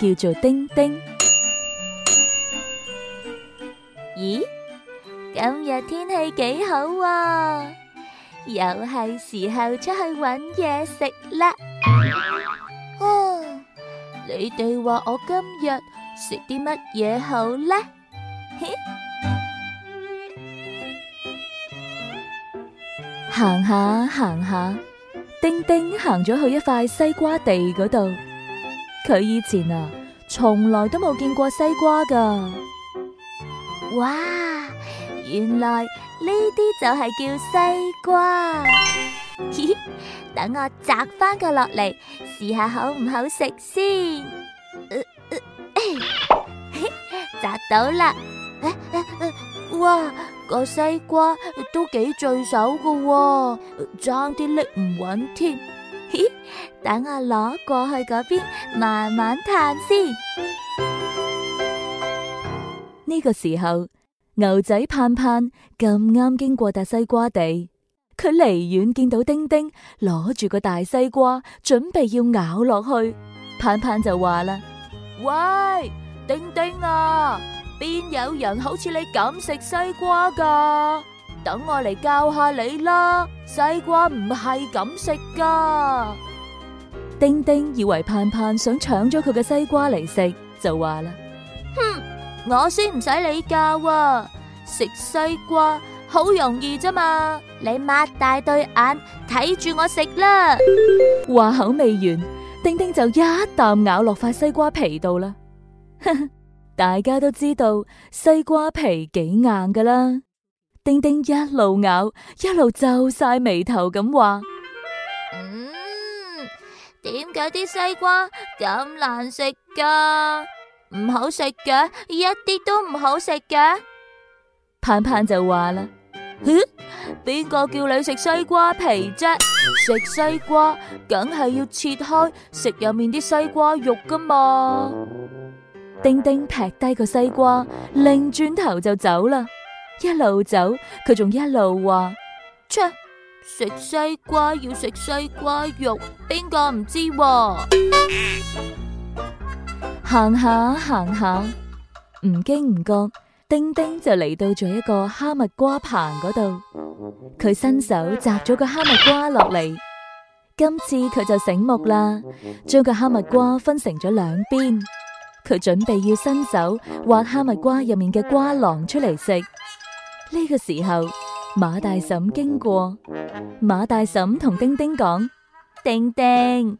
叫做丁丁。咦，今日天氣幾好啊，又係時候出去揾嘢食啦。哦，你哋話我今日食啲乜嘢好呢？ 行下行下，丁丁行咗去一塊西瓜地嗰度。佢以前啊，從來都冇見過西瓜噶。哇，原來呢啲就係叫西瓜。等 我摘翻個落嚟，試下好唔好食先。 摘到啦、啊啊！哇，個西瓜都幾墜手噶，爭啲拎唔穩添。 等我攞過去嗰邊慢慢嘆先。呢個時候，牛仔盼盼咁啱經過大西瓜地，佢離遠見到丁丁攞住個大西瓜，準備要咬落去。盼盼就話啦：喂，丁丁啊，邊有人好似你咁食西瓜噶？等我嚟教下你啦，西瓜唔係咁食噶。丁丁以為盼盼想搶咗佢嘅西瓜嚟食，就話啦：，哼，我先唔使你教啊！食西瓜好容易啫嘛，你擘大對眼睇住我食啦。話口未完，丁丁就一啖咬落塊西瓜皮度啦。 大家都知道西瓜皮幾硬噶啦。丁丁一路咬，一路皺晒眉頭咁話：，嗯，點解啲西瓜咁難食噶？唔好食嘅，一啲都唔好食嘅。盼盼就話啦：，哼，邊個叫你食西瓜皮啫？食西瓜梗係要切開食入面啲西瓜肉噶嘛。丁，丁丁劈低個西瓜，擰轉頭就走啦。一路走，佢仲一路話：，切，食西瓜要食西瓜肉，邊個唔知啊？行下行下，唔經唔覺，丁丁就嚟到咗一個哈密瓜棚嗰度，佢伸手摘咗個哈密瓜落嚟。今次佢就醒目啦，將個哈密瓜分成咗兩邊，佢準備要伸手挖哈密瓜入面嘅瓜囊出嚟食。呢個時候，馬大嬸經過，馬大嬸同丁丁講：，丁丁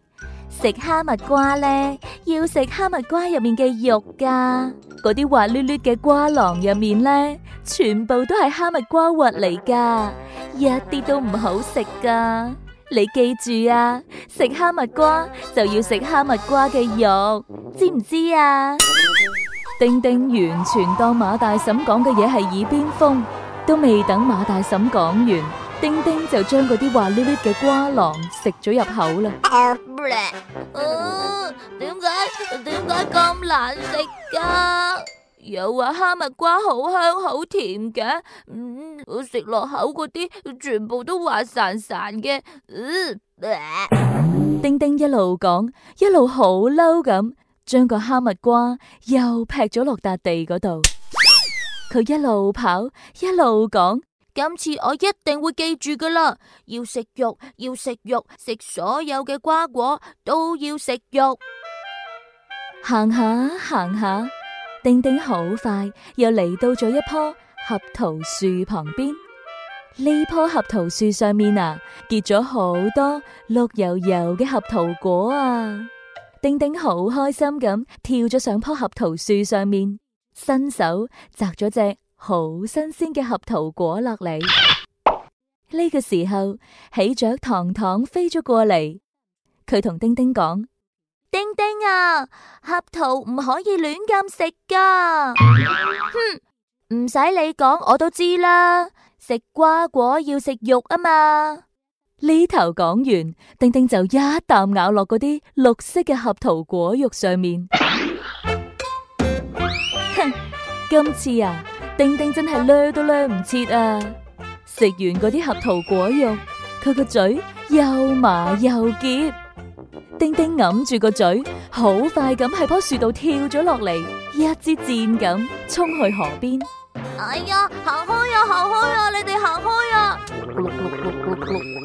食哈密瓜呢？要食哈密瓜入面嘅肉噶、啊，嗰啲滑溜溜嘅瓜囊入面呢，全部都係哈密瓜核嚟噶，一啲都唔好食噶。你記住啊，食哈密瓜就要食哈密瓜嘅肉，知唔知啊？丁丁完全當馬大嬸講嘅嘢係耳邊風，都未等馬大嬸講完，丁丁就將嗰啲滑溜溜嘅瓜瓤食咗入口啦。點解點解咁難食㗎？啊？又話哈密瓜好香好甜嘅，我食、嗯、落口嗰啲全部都滑潺潺嘅。嗯呃、丁丁一路講，一路好嬲咁。將個哈密瓜又劈咗落笪地嗰度，佢 一路跑一路講：今次我一定會記住噶啦，要食肉，要食肉，食所有嘅瓜果都要食肉。行下行下，丁丁好快又嚟到咗一棵合桃樹旁邊，呢棵合桃樹上面啊結咗好多綠油油嘅合桃果啊！丁丁好開心咁跳咗上棵合桃樹上面，伸手摘咗隻好新鮮嘅合桃果落嚟。呢 個時候，喜鵲糖糖飛咗過嚟，佢同丁丁講：丁丁啊，合桃唔可以亂咁食噶。 哼，唔使你講，我都知啦，食瓜果要食肉啊嘛。呢頭講完，丁丁就一啖咬落嗰啲綠色嘅合桃果肉上面。哼 今次啊，丁丁真係掠都掠唔切啊！食完嗰啲合桃果肉，佢個嘴又麻又澀。丁丁揞住個嘴，好快咁喺棵樹度跳咗落嚟，一支箭咁衝去河邊。哎呀，行開啊，行開啊，你哋行開啊.！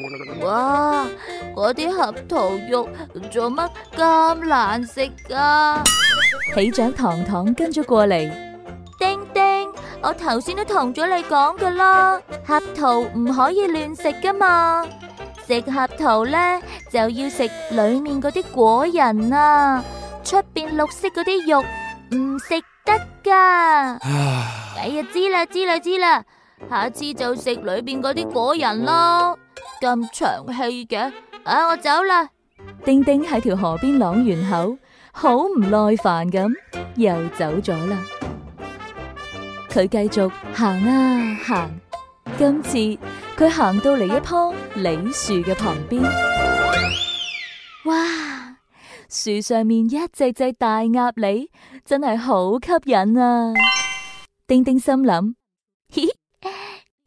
哇！嗰啲核桃肉做乜咁難食噶啊？起長，糖糖跟咗過嚟。叮叮，我頭先都同咗你講噶啦，核桃唔可以亂食噶嘛，食核桃咧就要食裏面嗰啲果仁啊，出邊綠色嗰啲肉唔食得噶。哎呀，知啦知啦知啦，下次就食裏邊嗰啲果仁咯。咁長氣嘅，啊！我走啦。丁丁喺條河邊晾完口，好唔耐煩咁，又走咗啦。佢繼續行啊行，今次佢行到嚟一棵梨樹嘅旁邊。哇！樹上面一隻隻大鴨梨，真係好吸引啊！丁丁心諗，嘻嘻。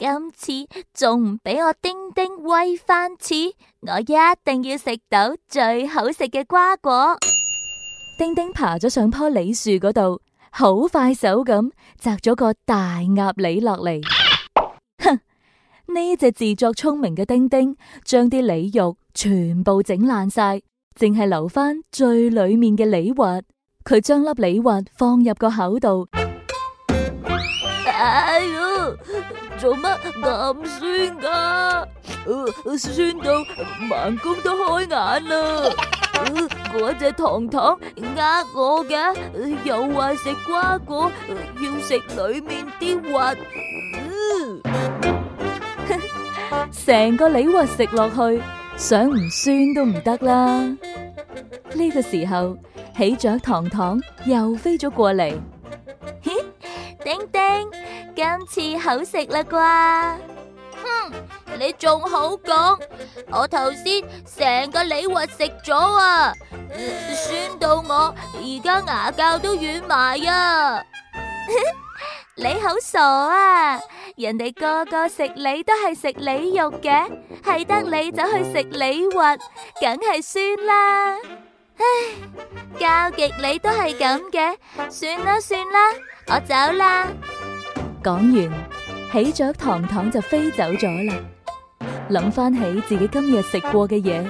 今次仲唔俾我丁丁威翻次？我一定要食到最好食嘅瓜果。丁丁爬咗上棵梨樹嗰度，好快手咁摘咗個大鴨梨落嚟。哼！呢隻自作聰明嘅丁丁，將啲梨肉全部整爛晒，淨係留翻最裏面嘅梨核。佢將粒梨核放入個口度。哎喲！做乜咁酸噶？誒，酸到盲公都開眼啦！嗰隻糖糖呃我嘅，又話食瓜果要食裏面啲核，嗯，成個梨核食落去，想唔酸都唔得啦！呢個時候，喜鵲糖糖又飛咗過嚟。今次好食啦啩！哼、嗯，你仲好講，我頭先成個李核食咗啊、嗯，酸到我而家牙膠都軟埋啊！ 你好傻啊！人哋個個食李都係食李肉嘅，係得你走去食李核，梗係酸啦！唉，教極你都係咁嘅，算啦算啦，我走啦。講完，喜鵲糖糖就飛走咗啦。諗翻起自己今日食過嘅嘢，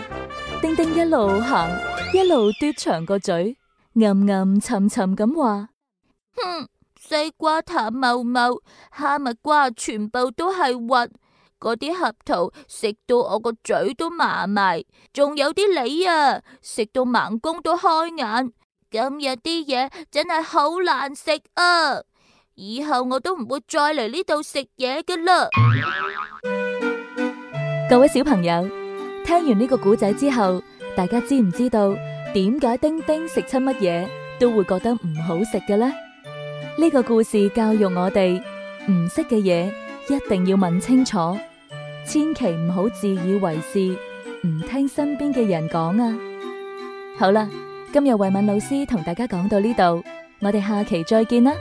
丁丁一路行，一路嘟長個嘴，暗暗沉沉咁話：哼，西瓜茅茅、淡茂茂、哈密瓜，全部都係核。嗰啲核桃食到我個嘴都麻埋，仲有啲梨啊，食到盲公都開眼。今日啲嘢真係好難食啊！以後我都唔會再嚟呢度食嘢嘅啦。各位小朋友，聽完呢個故仔之後，大家知唔知道點解丁丁食親乜嘢都會覺得唔好食嘅呢？呢個故事教育我哋，唔識嘅嘢一定要問清楚，千祈唔好自以為是，唔聽身邊嘅人講啊！好啦，今日慧敏老師同大家講到呢度，我哋下期再見啦。